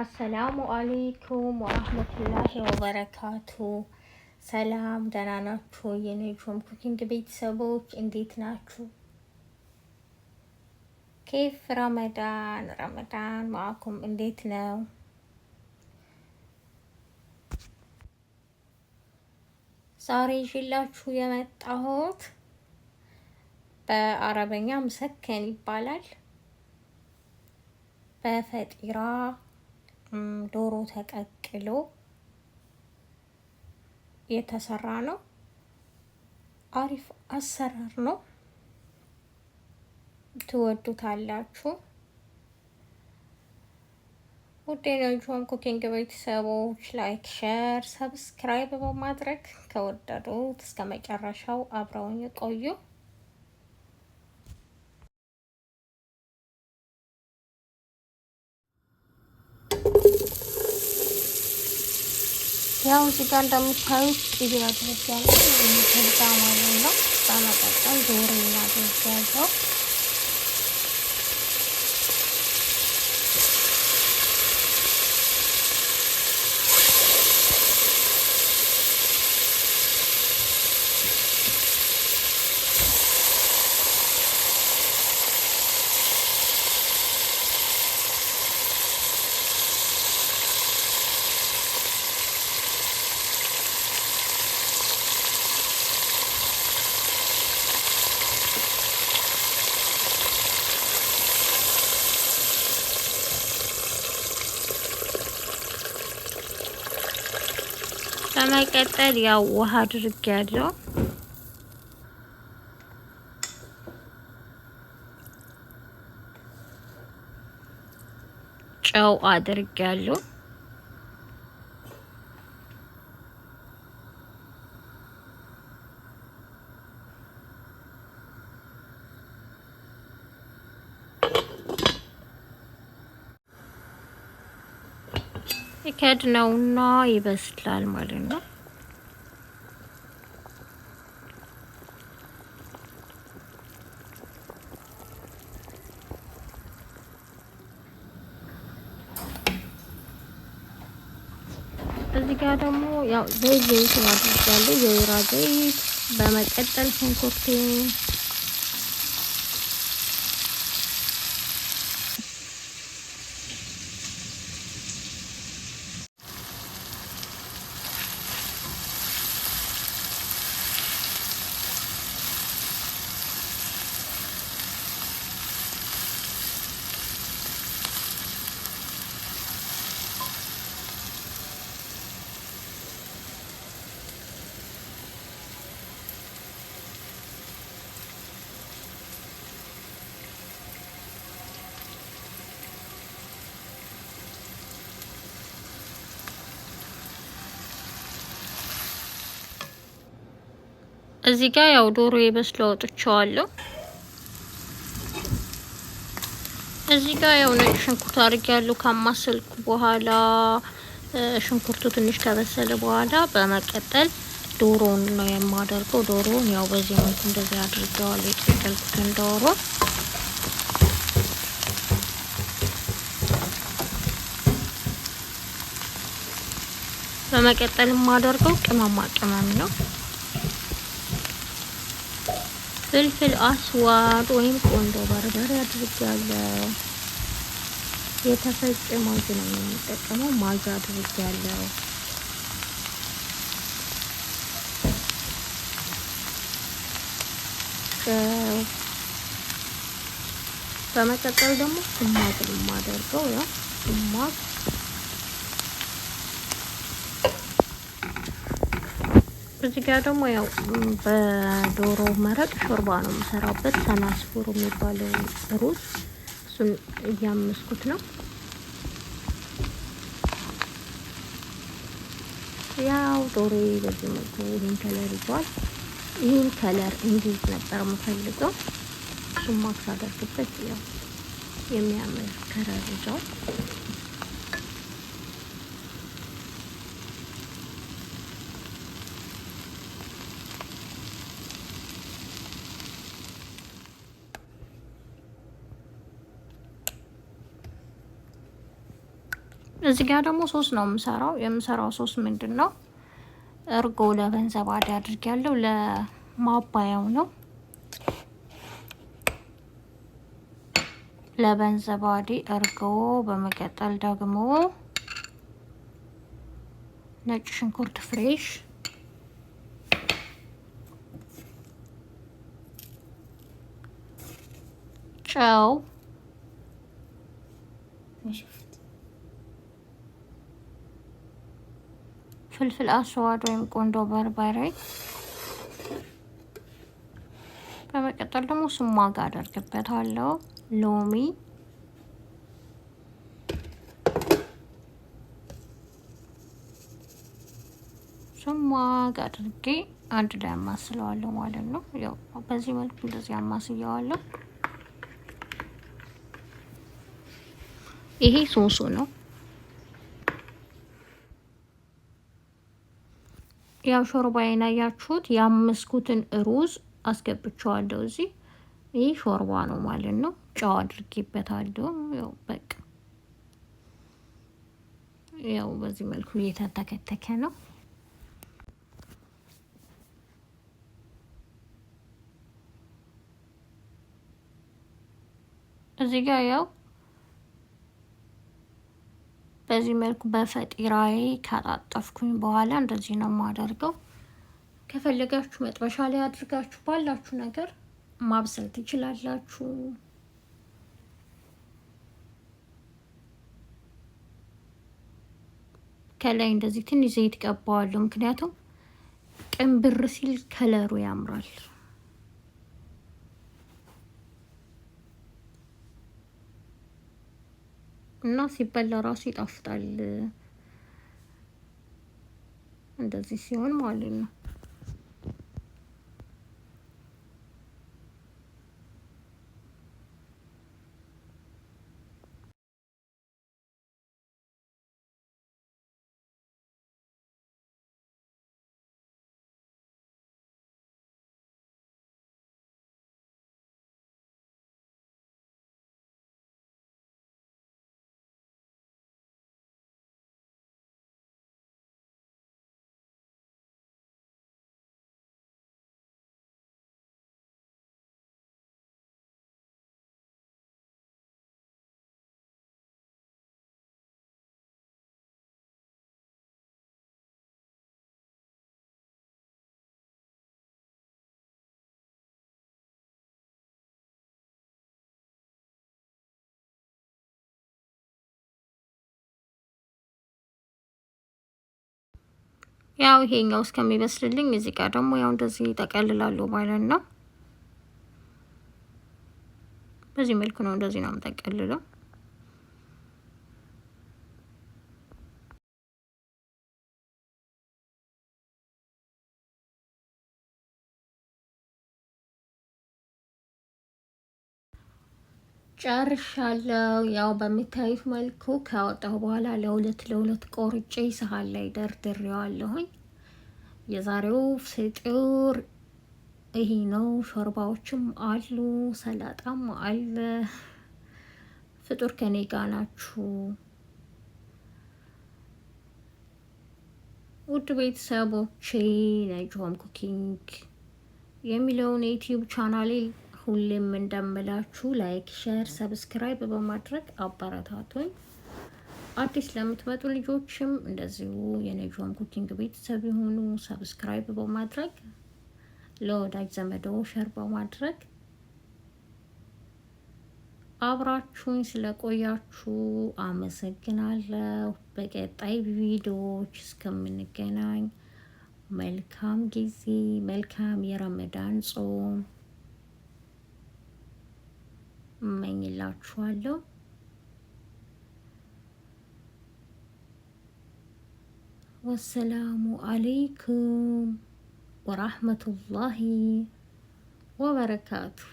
አሰላሙ አሌይኩም ወራህመቱላሂ ወበረካቱ። ሰላም ደህና ናችሁ? የነጆም ኩኪንግ ቤተሰቦች እንዴት ናችሁ? ኬፍ ረመዳን ረመዳን ማዕኩም እንዴት ነው? ዛሬ ይዤላችሁ የመጣሁት በአረበኛ ምሰከን ይባላል በፈጢራ ዶሮ ተቀቅሎ የተሰራ ነው። አሪፍ አሰራር ነው። ትወዱታላችሁ። ውዴናችሁም ኩኪንግ ቤተሰቦች ላይክ፣ ሸር፣ ሰብስክራይብ በማድረግ ከወደዱት እስከ መጨረሻው አብረውን ይቆዩ። ያው እዚህ ጋር እንደምታዩት ቅቤ አድርጊያለሁ። ከዛ ማለት ነው ጣና ጠጣም ዞር እናደርጊያለሁ በመቀጠል ያው ውሃ አድርግ ያለው ጨው አድርግ ያለው ከድ ነውና ይበስላል ማለት ነው። እዚህ ጋር ደግሞ ያው ዘይት ዘይት አድርጋለሁ፣ የወይራ ዘይት በመቀጠል ሽንኩርቴን እዚህ ጋር ያው ዶሮ የበስሎ አውጥቼዋለሁ። እዚህ ጋር ያው ነጭ ሽንኩርት አድርጌያለሁ። ካማሰልኩ በኋላ ሽንኩርቱ ትንሽ ከበሰለ በኋላ በመቀጠል ዶሮውን ነው የማደርገው። ዶሮውን ያው በዚህ መልኩ እንደዚህ አድርጌዋለሁ። የቀቀልኩትን ዶሮ በመቀጠል የማደርገው ቅመማ ቅመም ነው። ፍልፍል አስዋድ ወይም ቆንጆ በርበሬ አድርጌያለሁ። የተፈጨ ማጅ ነው የምንጠቀመው። ማጅ አድርጌያለሁ። በመቀጠል ደግሞ ግማሽ ነው የማደርገው ያው ግማሽ እዚህ ጋር ደግሞ ያው በዶሮ መረቅ ሾርባ ነው የምሰራበት። ተናስፎሮ የሚባለው ሩዝ እሱን እያመስኩት ነው። ያው ዶሮ በዚህ መልኩ ይህን ከለር ይዟል። ይህን ከለር እንዲት ነበር የምፈልገው። እሱም ማክስ አደርግበት ያው የሚያምር ከረር ይዟል። እዚህ ጋር ደግሞ ሶስት ነው የምሰራው። የምሰራው ሶስት ምንድን ነው? እርጎ ለበንዘባዴ አድርግ ያለው ለማባያው ነው። ለበንዘባዴ እርጎ፣ በመቀጠል ደግሞ ነጭ ሽንኩርት ፍሬሽ ጨው ፍልፍል አስዋድ ወይም ቆንዶ በርበሬ። በመቀጠል ደግሞ ስሟጋ አደርግበታለሁ። ሎሚ ስሟጋ አድርጌ አንድ ላይ አማስለዋለሁ ማለት ነው። ያው በዚህ መልኩ እንደዚህ አማስያዋለሁ። ይሄ ሶሱ ነው። ያው ሾርባዬን አያችሁት። ያመስኩትን ሩዝ አስገብቼዋለሁ እዚህ። ይህ ሾርባ ነው ማለት ነው። ጨው አድርጌበታለሁ። ያው በቃ ያው በዚህ መልኩ እየተንተከተከ ነው። እዚህ ጋር ያው በዚህ መልኩ በፈጢራዬ ካጣጠፍኩኝ በኋላ እንደዚህ ነው የማደርገው። ከፈለጋችሁ መጥበሻ ላይ አድርጋችሁ ባላችሁ ነገር ማብሰል ትችላላችሁ። ከላይ እንደዚህ ትንሽ ዘይት ቀባዋለሁ፣ ምክንያቱም ቅንብር ሲል ከለሩ ያምራል። እና ሲበላ ራሱ ይጣፍጣል። እንደዚህ ሲሆን ማለት ነው። ያው ይሄኛው እስከሚበስልልኝ እዚህ ጋር ደግሞ ያው እንደዚህ ይጠቀልላሉ ማለት ነው። በዚህ መልኩ ነው እንደዚህ ነው የምጠቀልለው። ጨርሻለሁ። ያው በምታዩት መልኩ ከወጣሁ በኋላ ለሁለት ለሁለት ቆርጬ ይሰሃል ላይ ደርድሬዋለሁኝ። የዛሬው ፍጡር ይሄ ነው። ሾርባዎችም አሉ፣ ሰላጣም አለ። ፍጡር ከኔ ጋ ናችሁ ውድ ቤተሰቦቼ። ናይጆም ኩኪንግ የሚለውን የዩቲዩብ ቻናሌ ሁሌም እንደምላችሁ ላይክ፣ ሼር፣ ሰብስክራይብ በማድረግ አበረታቱኝ። አዲስ ለምትመጡ ልጆችም እንደዚሁ የነጆም ኩኪንግ ቤተሰብ የሆኑ ሰብስክራይብ በማድረግ ለወዳጅ ዘመዶ ሸር በማድረግ አብራችሁኝ ስለቆያችሁ አመሰግናለሁ። በቀጣይ ቪዲዮዎች እስከምንገናኝ መልካም ጊዜ፣ መልካም የረመዳን ጾም አድርጌላችኋለሁ። ወሰላሙ አለይኩም ወራህመቱላሂ ወበረካቱሁ።